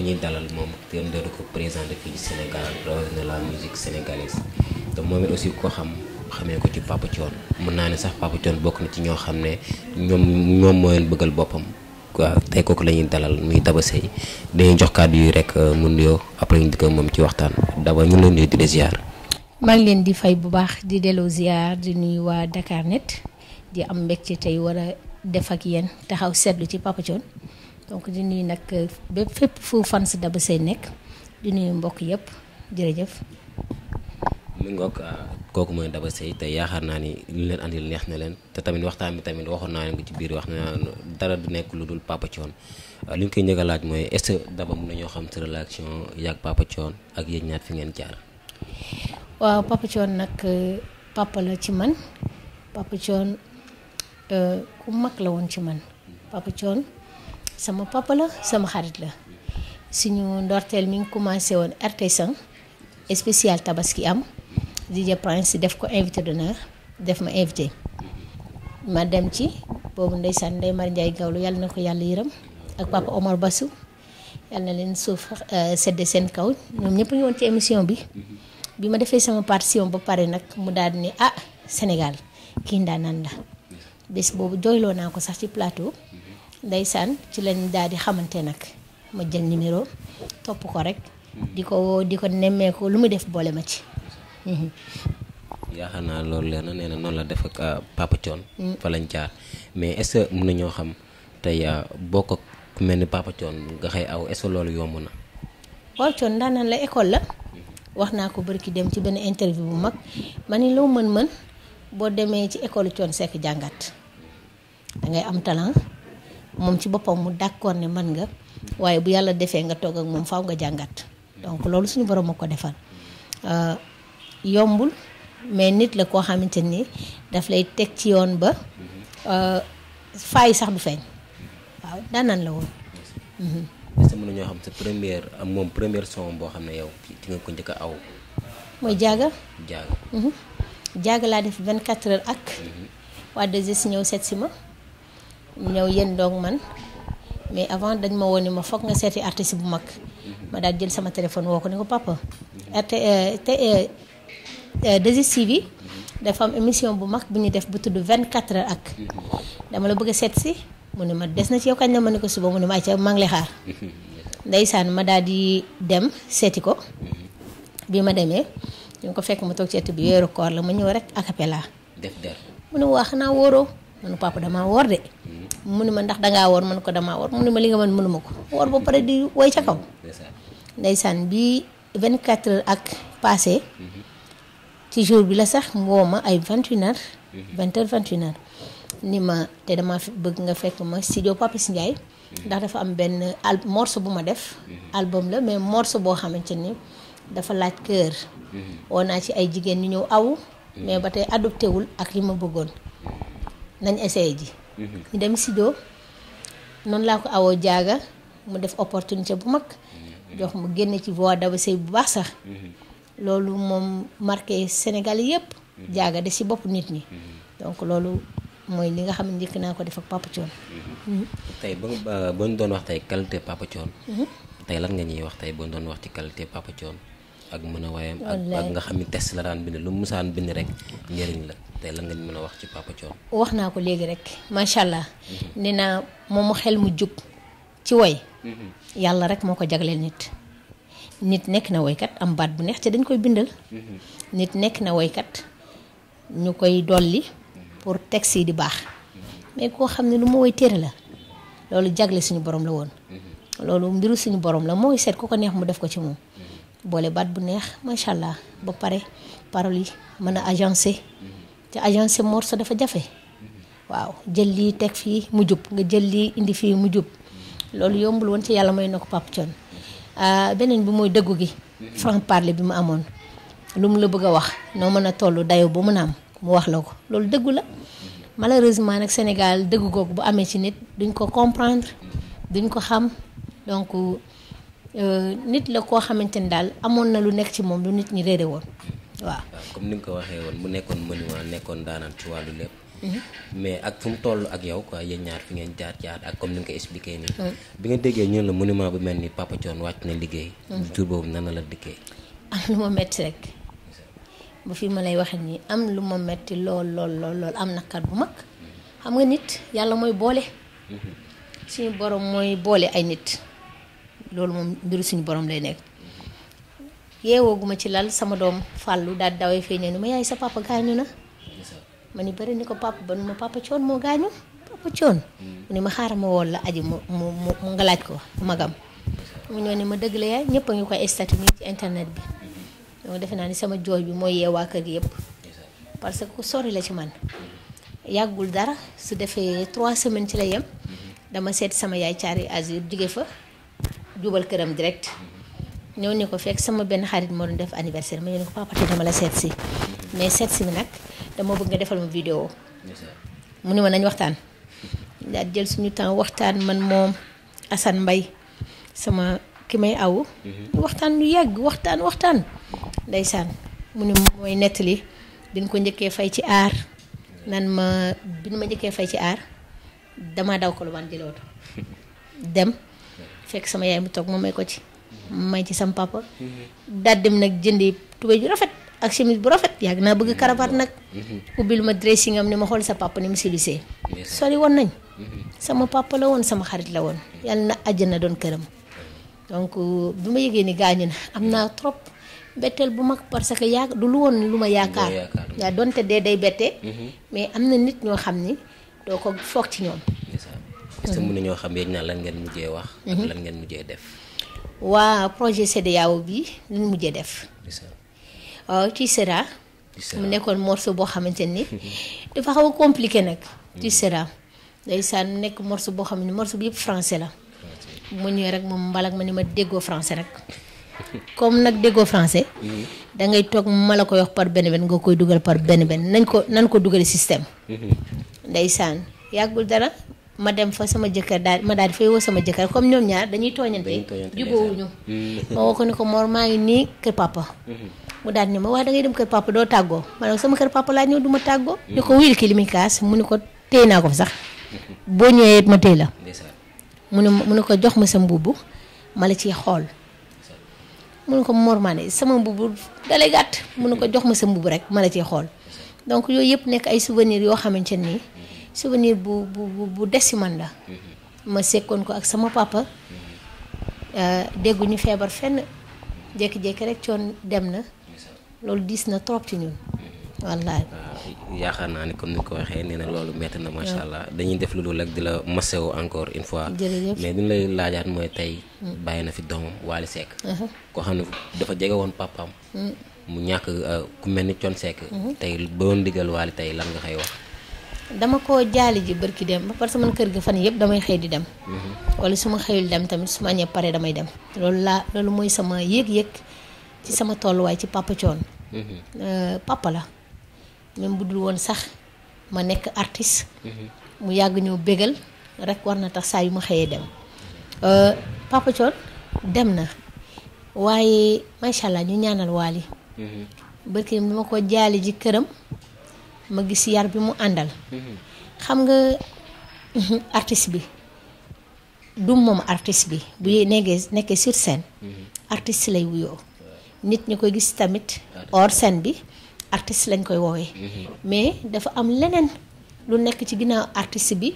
ku ñuy dalal moom kenn dootu ko présenté fii ci Sénégal rawatina la musique sénégalaise te moom it aussi ko xam xamee ko ci Papa Thione mën naa ne sax Papa Thione bokk na ci ñoo xam ne ñoom ñoom moo leen bëggal boppam waaw tey kooku la ñuy dalal muy Daba Seye dañuy jox kàddu yi rek euh, mu nuyoo après ñu dikk moom ci waxtaan Daba ñu ngi di la ziar. maa leen di fay bu baax di delloo ziar di nuyu waa Dakar Net di am mbégte tey war a def ak yéen taxaw seetlu ci Papa Thione donc di nii nag euh, ba fépp fu fan si Daba Sèye nekk di nuyu mbokk yëpp jërëjëf. mu ngoog euh, kooku mooy Daba Sèye te yaakaar naa ni lu leen andil neex na leen te tamit waxtaan bi tamit waxoon naa leen ko ci biir wax na dara du nekk lu dul Papa Thione euh, li ñu koy njëkk laaj mooy est-ce que Daba mun nañoo xam sa relation yàgg Papa Thione ak yéen ñaar fi ngeen jaar. waaw Papa Thione nag papa la ci man Papa Thione ku mag la woon ci man Papa Thione sama papa la sama xarit la suñu ndorteel mi ngi commencé woon artisan spécial tabaski am di DJ Prince def ko invité d'honneur def ma invité ma dem ci boobu ndeysaan ndey Mar Ndiaye Gawlu yàlla na ko yàlla yërëm ak papa Omar Basu yàlla na leen suuf euh, sedde seen kaw ñoom ñëpp ngi woon ci émission bi bi ma defee sama partition ba pare nag mu daal ni ah Sénégal kii ndaanaan la bés boobu jooyloo naa ko sax ci plateau ndeysaan ci lañ daal di xamante nag ma jël numéro topp ko rek. di ko di ko nemmeeku lu mu def boole ma ci. Mhm. yaakaar naa loolu leer na nee na noonu la def ak ah, Papa Thione. Mm. fa lañ jaar mais est-ce que mën xam tey ah, boo ak mel ni Papa Thione nga xëy aw est-ce que loolu yomb na. waaw Thione daanaan la école la. wax naa ko ki dem ci benn interview bu mag ma ni loo mën-mën boo demee ci école Thione Seck jàngat dangay am talent. moom ci boppam mu d'accord ne mën nga waaye bu yàlla defee nga toog ak moom faw nga jàngat donc loolu suñu borom a ko defal euh, yombul mais nit la koo xamante ni daf lay teg ci yoon ba euh, faay sax du feeñ waaw daanaan la woon. Mhm. est xam moom première son boo xam ne yow ci nga ko njëkk a aw. mooy jaaga. jaaga. Mhm. laa def 24 heures ak. Mhm. waa 2S ñëw seet si ma. ñëw yéen doog man mais avant dañ ma woon ni ma foog nga seeti artiste bu mag ma daal jël sama téléphone woo ko ni ko papa rt euh, te 2STV euh, euh, bi dafa am émission bu mag bu ñu def bu tudd 24 heures ak dama la bëgg a seet si mu ne ma des na ci yow kañ la ma ne ko suba mu ne ma ayca maa ngi lay xaar ma daal di dem seeti ko bi ma demee ñu ko fekk mu toog ci ëtt bi ma ñëw rek acapella mu ne waa xanaa wóoroo mu ne damaa woor de munu ma ndax dangaa woor mën ko damaa woor munu ma li nga mën munu ma ko woor ba pare di woy ca kaw ndeysaan bi 24 heures ak passé ci jour bi la sax woo ma ay mhm. vingt heures 20 heures ni ma te dama bëgg nga fekk ma studio Papa Ndiaye mhm. ndax dafa am benn al morceau bu ma def mhm. album la mais morceau boo xamante ni dafa laaj kër woo naa ci ay jigéen ñu ñëw aw mais ba tey adopté wul ak li ma bëggoon nañ essayé ji ñu dem Sido noonu laa ko awoo jaaga mu def opportunité bu mag jox mu génn ci voie daba sëy bu baax sax loolu moom marqué Sénégal yépp jaaga de si bopp nit ñi donc loolu mooy li nga xam ne njëkk naa ko def ak Papa Thione tey ba euh, ba doon wax tey qualité Papa Thione mhm. tey lan nga ñuy wax tey ba ñu doon wax ci qualité Papa Thione ak mën a waayam ak nga xam ne test la daan bind lu mu musaan bind rek njëriñ la tey lan nga mën a wax ci Papa Thione. wax naa ko léegi rek macha allah. nee naa moom xel mu jub ci woy. Mm-hmm. yàlla rek moo ko jagleel nit. nit nekk na woykat am baat bu neex te dañ koy bindal. Mm-hmm. nit nekk na woykat ñu koy dolli. Mm-hmm. pour texte yi di baax. mais koo xam ne lu ma woy téere la. loolu jagle suñu borom la woon. loolu mbiru suñu borom la mooy seet ku ko neex mu def ko ci moom. boole baat bu neex macha allah ba pare paroles yi mën a agencé. te agence morceau dafa jafe waaw jël lii teg fii mu jub nga jël lii indi fii mu jub loolu yombul woon ci yàlla may na ko Pape Thione ah, beneen bi mooy dëggu gi franc parler bi mu amoon lu mu la bëgg a wax noo mën a tollu dayo ba mën a am mu wax la ko loolu dëggu la malheureusement nag Sénégal dëggu googu bu amee ci nit duñ ko comprendre duñ ko xam donc euh, nit la koo xamante ni daal amoon na lu nekk ci moom lu nit ñi réere woon waaw comme ni nga ko waxee woon mu nekkoon monument nekkoon daanaan ci wàllu lépp. Mhm. mais ak fu mu toll ak yow quoi yéen ñaar fi ngeen jaar jaar ak comme ni nga ko expliqué nii. Mhm. bi nga déggee ñun la monument bu mel ni Papa Thione wàcc na liggéey. Mhm. jur boobu nan la la dikkee. am lu ma metti rek ba fi ma lay waxee nii am lu ma metti lool lool lool lool am naqar bu mag xam nga nit yàlla mooy boole. suñu borom mooy boole ay nit loolu moom mbiru suñu borom lay nekk. yeewooguma ci lal sama doom fàllu daal dawee feeñee ni ma yaay sa papa gaañu na ma ni bëri ni ko papa ba nu ma papa coon moo gaañu papa coon mu ni ma xaaral ma woon la aji mu mu mu nga laaj ko magam mu ñëw ni ma dëgg la yaay ñëpp a ngi koy statut nii ci internet bi donc defe naa ni sama jooy bi mooy yeewaa kër gi yëpp parce que ku sori la ci man yàggul dara su defee trois semaines ci la yem dama seet sama yaay caari azur jóge fa jubal këram direct ñëw ne ko fekk sama benn xarit moo doon def anniversaire ma ne ko papa dama mais seet nag dama bëgg nga defal mu ni ma nañ waxtaan jël suñu temps waxtaan man moom Assane Mbaye sama ki may aw mhm. waxtaan lu yàgg waxtaan waxtaan ndeysaan mu ni mooy nettali ko njëkkee fay ci aar nan ma bi ma njëkkee fay ci aar dama daw ko lu ban jëlooto dem fekk sama yaay mu toog moom may ko ci may ci sam papa. daal dem nag jëndi tubéy ju rafet ak chemise bu rafet yàgg naa bëgg cravate nag. ubbil ma dressing am ni ma xool sa papa ni mu silusee. sori woon nañ. Mhm. sama papa la woon sama xarit la woon. yàlla na àjjana doon këram. donc bi ma yëgee ni gaañu na am naa trop betteel bu mag parce que yaa du lu woon lu ma yaakaar yaa donte dee day bette mhm. mais am na nit ñoo xam ni doo ko foog ci ñoom est-ce que mën nañoo xam yéen ñaa lan ngeen mujjee wax ak mhm. lan ngeen mujjee def waa projet CEDEAO bi lu ñu mujjee def. Euh, tu seras. mu nekkoon morceau boo xamante ni. dafa xaw a compliqué nag. tu mm. seras ndeysaan mu nekk morceau boo xam ne morceau bi yëpp francais la. mu ñëwee rek moom mbalak ma ni ma déggoo français rek. comme nag déggoo français. Mm-hmm. da ngay toog ma la ko yox par benn benn nga koy dugal par benn benn nañ ko nañ ko dugalee système. Mm-hmm. ndeysaan yàggul dara. ma dem fa sama jëkkër daal ma daal di fay sama jëkkër comme ñoom ñaar dañuy tooñante jubóowuñu ma hmm. woo ko ni ko Mor maa ngi nii kër papa hmm. mu daal ni ma waa da dem kër papa doo tàggoo ma ne ko sama kër papa laa ñëw ma tàggoo hmm. ni ko wuyul ki li mu ni ko téye naa ko sax boo ñëwee ma téye la mu ne mu ne ko jox ma sa mbubb ma la ciy xool mu ne ko Mor maa ne sama mbubb dalay gàtt mu ne ko jox ma sa mbubb rek ma la ciy xool donc yooyu yëpp nekk ay souvenirs yoo xamante nii souvenir bu bu bu des si man la. Mhm. ma sekkoon ko ak sama papa. Mhm. Euh, dégguñu feebar fenn jékki-jékki rek coon dem na. loolu diis na trop ci ñun. Mhm. wallaay ah, yaakaar naa ni comme ni ko waxee nee na loolu mett na ah. macha allah dañuy def lu dul ak di la masewu encore une fois. mais li ñu lay laajaat mooy tey. Mm. bàyyi na fi doomam Wally Seck. Uh-huh. koo xam ne dafa jege woon papaam. Mm. mu ñàkk euh, ku mel ni Thione Seck. Mm-hmm. tey ba woon diggal Wally tey lan nga koy wax. dama ko jaali ji bërki dem ba parce que man kër gi fan yëpp damay xëy di dem. Mhm. wala su ma xëyul dem tamit su ma ñëw pare damay dem. loolu laa loolu mooy sama yëg-yëg ci sama tolluwaay ci papa Thione. Mhm. Euh, papa la même bu dul woon sax ma nekk artiste. Mhm. mu yàgg ñoo bégal rek war na tax saa yu ma xëyee dem. Euh, papa Thione dem na waaye macha allah ñu ñaanal waali. bërki dem dama ko jaali ji këram. ma gis yar bi mu àndal. Mm-hmm. xam nga artiste bi du moom artiste bi bu nekkee nekkee sur scène. Mm-hmm. artiste lay wuyoo. nit ñi koy gis tamit hors scène bi artiste lañ koy woowee. Mm-hmm. mais dafa am leneen lu nekk ci ginnaaw artiste bi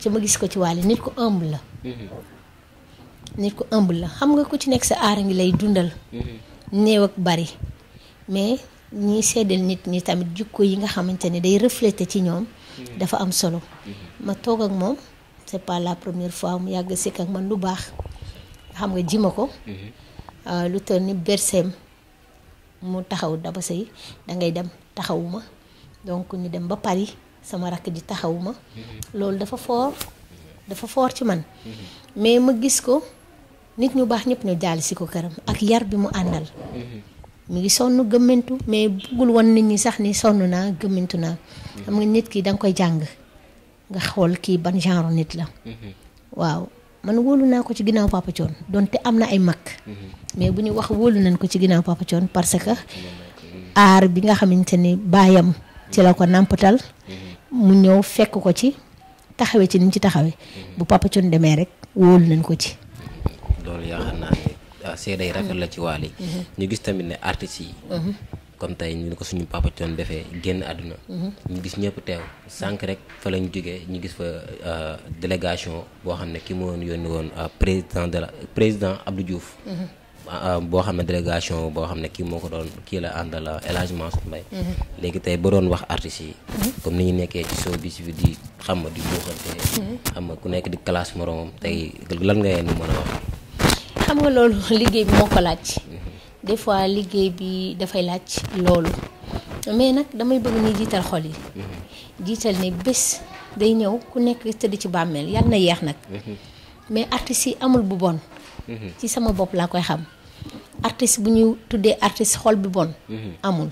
ci ma gis ko ci wàll nit ku humble la. nit ku humble la xam nga ku ci nekk sa aar ngi lay dundal. néew ak bari mais. ñiy seddal nit ñi tamit jukko yi nga xamante ne day refléter ci ñoom mhm. dafa am solo mhm. ma toog ak moom c'est pas la première fois mu yàgg sikk ak man lu baax xam nga jima ma ko mhm. ah, lu toll ni berseem mu taxaw daba sëy dangay dem taxawuma donc ñu dem ba pari sama rakk ji taxawuma loolu dafa foor dafa foor ci man mais ma gis ko nit ñu baax ñëpp ñu jàll si ko këram ak yar bi mu àndal mu ngi sonn gëmmentu mais buggul woon nit ñi sax ni sonn naa gëmmentu naa xam nga nit ki da nga koy jàng nga xool kii ban genre nit la mhm. waaw man wóolu naa ko ci ginnaaw Papa Thione donte am na ay mag mhm. mais bu ñu wax wóolu nañ ko ci ginnaaw Papa parce que mhm. aar bi nga xamante ni baayam ci la ko nàmpatal mu ñëw fekk ko ci taxawe ci ni ci taxawe bu Papa demee rek wóolu nañ ko ci Euh, seede yi rafet la ci waali mhm. ñu gis tamit ne artistes yi mhm. comme tey ñu ko suñu papa coon defee génn àdduna mhm. ñu gis ñëpp teew sànq rek fa lañ jógee ñu gis fa euh, délégation boo xam ne ki mu woon yónni woon euh, président de la président Abdou Diouf boo xam ne délégation boo xam ne kii moo ko doon kii la àndal El Hadj Mansour Mbaye léegi tey ba doon wax artistes yi comme ni ñu nekkee ci show bi si fi di xam nga di buuxante xam nga ku nekk di classe moromam tey lan nga yeen mën a wax xam nga loolu liggéey bi moo ko laaj des fois liggéey bi dafay laaj loolu mais nag damay bëgg ni jiital xol yi jiital ne bés day ñëw ku nekk tëdd ci bàmmeel yàlla na yeex nag mais artistes yi amul bu bon ci sama bopp laa koy xam artiste bu ñu tuddee artiste xol bi bon amul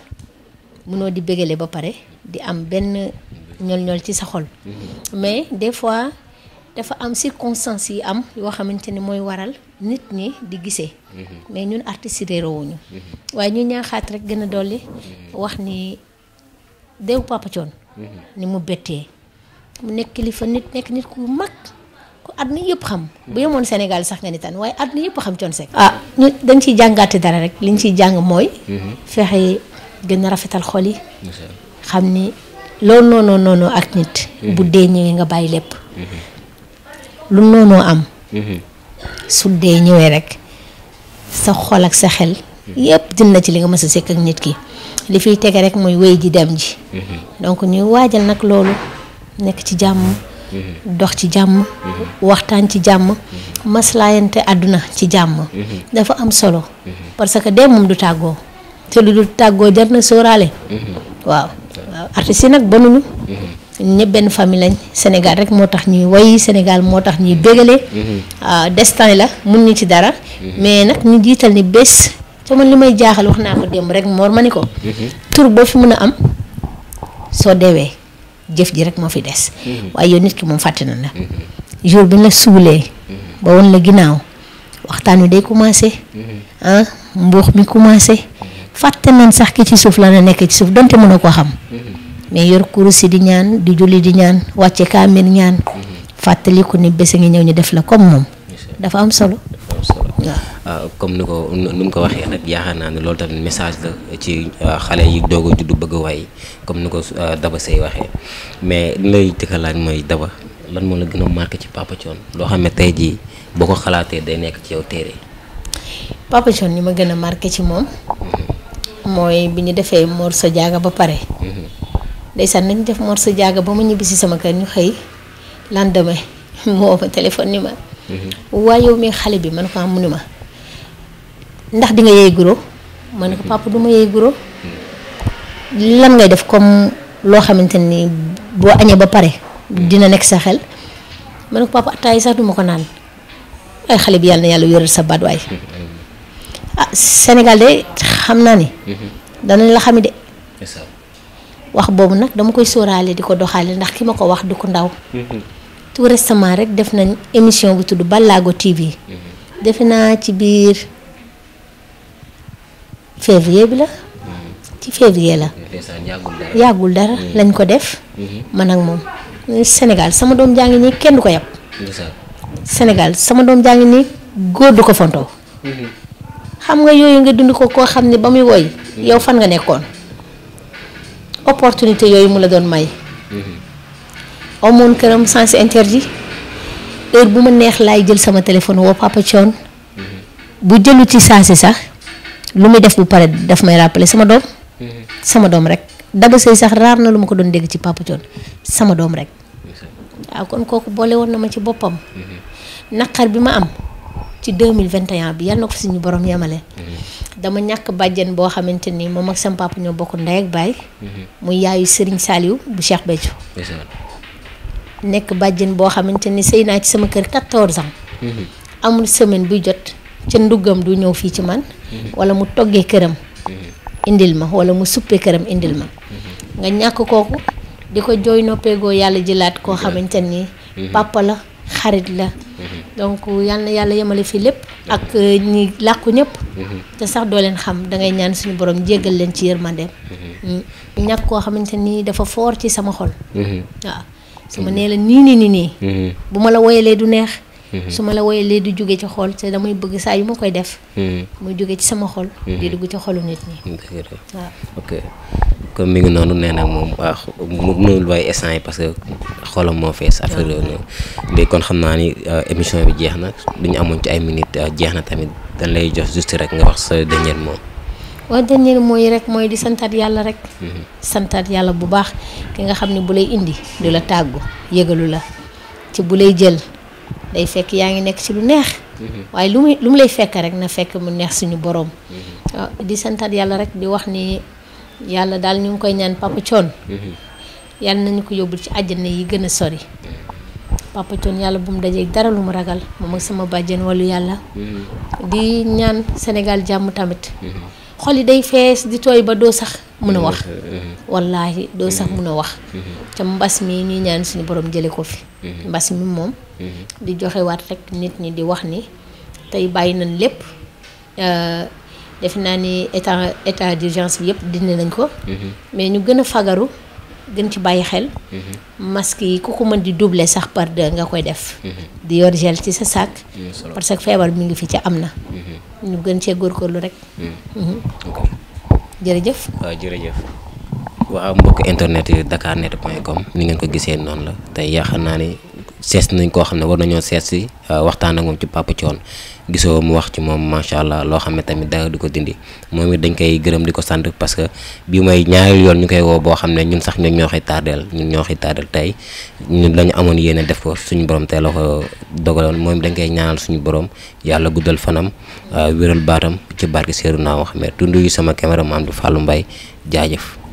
munoo di bégale ba pare di am benn ñol ñol ci sa xol mais des fois dafa am circonstances yi am yoo xamante ni mooy waral nit ñi di gisee. Mhm. mais ñun artistes yi réerowuñu mhm. waaye ñu ñaaxaat rek gën a dolli. Mhm. wax ni deewu Papa Thione ni mu bettee mu nekk kilifa nit nekk nit ku mag. ko àdduna yëpp xam bu yemoon Sénégal sax nga ni tan waaye àdduna yëpp xam Thione Seck. ah ñu dañ ciy jàngaate dara rek liñ ciy jàng mooy. fexe gën a rafetal xol yi. xam ni loolu noonu noonu ak nit. bu dee ñëwee nga bàyyi lépp. lu noonu am. su dee ñëwee rek sa xol ak sa xel. yëpp dina ci li nga mës a ak nit ki li fiy tege rek mooy wéy ji dem ji. Mhm. donc ñuy waajal nag loolu nekk ci jàmm. Mhm. dox ci jàmm. Mhm. waxtaan ci jàmm. maslaayante àdduna ci jàmm. dafa am solo. parce que dee moom du tàggoo te lu du tàggoo jar na sóoraale. waaw waaw artistes yi nag banuñu. ñëpp benn famille lañ Sénégal rek moo tax ñuy woy Sénégal moo tax ñuy bégale. Mhm. Ah, destin la mun ñu ci dara. Mhm. mais nag ñu jiital ni bés. te man li may jaaxal wax naa ko démb rek moor ma ni ko. Mhm. tur boo fi mën a am soo deewee jëf ji rek moo fi des. waaye yow nit ki moom fàtte na la. jour bi ñu la suulee. ba woon la ginnaaw waxtaan wi day commencé. ah mi commencé. fàtte nañ sax ki ci suuf la na nekk ci suuf donte mën a koo xam. mais yor kurus di ñaan di julli di ñaan wàcce kaamil ñaan mm-hmm. fàttaliku ni bés ngi ñëw ñu def la comme moom dafa am solo waaw ah, comme ni ko nu ko waxee nag yaakaar naa ne loolu tamit message la ci ah, xale yi doog a juddu bëgg waay comme ni ko ah, Daba say waxee mais li lay tëkka laaj mooy Daba lan moo la gën a marqué ci Papa loo xam ne jii boo ko xalaatee day nekk ci yow téere Papa Thione li ma gën a marqué ci moom mm-hmm. mooy bi ñu defee moor sa jaaga ba pare mm-hmm. ndeysaan nañu def Mor sa jaaga ba ma ñibbi si sama kër ñu xëy lendemain moo ma téléphone ni ma. Mhm. waaye yow mii xale bi man ko am ah, mu ni ma. ndax di nga guro ma ne ko mhm. papa du guro lan ngay def comme loo xamante ni boo añee ba pare. Mhm. dina nekk sa xel. ma ne ko papa sax du ko naan ay xale bi yàlla yàlla wéral sa baat waay. ah Sénégal de xam naa ni. danañ la xam de. wax boobu nag dama koy sóoraale di ko doxaale ndax ki ma ko wax du ko ndaw. Mm-hmm. tout récemment rek def nañ émission bu tudd Balago TV. Mm-hmm. defe naa ci biir février bi la. Mm-hmm. ci février la. yàggul dara lañ ko def. man ak moom Sénégal sama doom jaa nii kenn du ko yab. Sénégal sama doom jaa nii góor du ko fontoo. xam nga yooyu nga dund ko koo xam ne ba muy woy yow fan nga nekkoon. opportunité yooyu mu la doon may. Mm-hmm. amoon këram sens interdit heure bu ma neex laay jël sama téléphone woo Papa Thione mm-hmm. bu jëlu ci saa si sax lu muy def bu pare daf may rappeler sama doom. Mm-hmm. sama doom rek Daba Seye sax raar na lu ma ko doon dégg ci Papa Thione sama doom rek. waaw kon kooku boole woon na ma ci boppam. naqar bi ma am. ci mille 2021 bi yal na ko suñu borom yemale. Mm-hmm. dama ñàkk bàjjen boo xamante ni moom ak sama papa ñoo bokk ndey ak baay. Mm-hmm. muy yaayu Serigne Saliou bu seex Béthio. nekk bàjjen boo xamante ni sëy naa ci sama kër 14 ans. Mm-hmm. amul semaine buy jot ca nduggam du ñëw fii ci man. wala mu toggee këram. indil ma wala mu suppee këram indil ma. nga ñàkk kooku di ko jooy noppeegoo yàlla jëlaat koo xamante ni. papa la. xarit la mm-hmm. donc yàlla yàlla yemale fii lépp ak euh, ñi làkku ñëpp mm-hmm. te sax doo leen xam da ngay ñaan suñu borom jéggal leen ci yërmandeem mm-hmm. mm. ñàkk koo xamante nii dafa foor ci sama xol waaw su ma nee la nii nii nii nii bu ma la woyalee du neex su ma la woyalee du jóge ci xol te damay bëgg saa yu ma koy def muy jóge ci sama xol di dugg ci xolu nit ñi waaw comme mi ngi noonu nee na moom waa mënul way instant yi parce que xolam moo fees affaire yooyu noonu léegi kon xam naa ni euh, émission bi jeex na lu ñu amoon ci ay minutes euh, jeex na tamit dañ lay jox juste rek nga wax sa dernier mot. waaw dernier mot yi rek mooy di santaat yàlla rek. Mhm. santaat yàlla bu baax ki nga xam ne bu lay indi du la tàggu yëgalu la ci bu lay jël day fekk yaa ngi nekk ci lu neex. Mhm. waaye lu muy lu mu lay fekk rek na fekk mu neex suñu boroom. Mhm. di santaat yàlla rek yàlla daal ñu ngi koy ñaan Papa Thione mhm. yàlla nañu ko yóbbul ci àjjana yi gën a sori Papa yàlla bu mu dajee dara lu mu ragal moom ak sama bàjjen walu yàlla mhm. di ñaan senegal jàmm tamit mhm. xol day fees di tooy ba doo sax mën a wax wallaahi doo sax mun a wax te mbas mi ñuy ñaan suñu borom jële ko fi mbas mi moom di joxewaat rek nit ñi di wax ni tey bàyyi nañ lépp euh, defe naa ni état état d'urgence bi yëpp dindi nañ ko. Mhm. mais ñu gën a fagaru gën ci bàyyi xel. Mhm. masque yi ku ko mën di duble sax par deux nga koy def. Mhm. di yor gel ci sa sac. parce que feebar mi ngi fi ci am na. ñu gën cee góorgóorlu rek. jërëjëf. waaw jërëjëf. waaw mbokk internet yi dakarnet point com ni ngeen ko gisee noonu la tey yaakaar naa ni. sees nañ koo xam ne war nañoo seet si euh, waxtaan ak moom ci Papa Thione gisoo mu wax ci moom macha allah loo xam ne tamit dara du ko dindi moom it dañ koy gërëm di ko sant parce que bi mooy ñaari yoon ñu koy woo boo xam ne ñun sax ñun ñoo xi tardeel ñun ñoo xi tardeel tey ñun dañu amoon yéene def ko suñu borom tey la ko dogaloon moom dañ koy ñaanal suñu borom yàlla guddal fanam euh, wéral baatam ci barke Seydina Muhammad tundu yi sama caméra maam di fàllu Mbaye jaajëf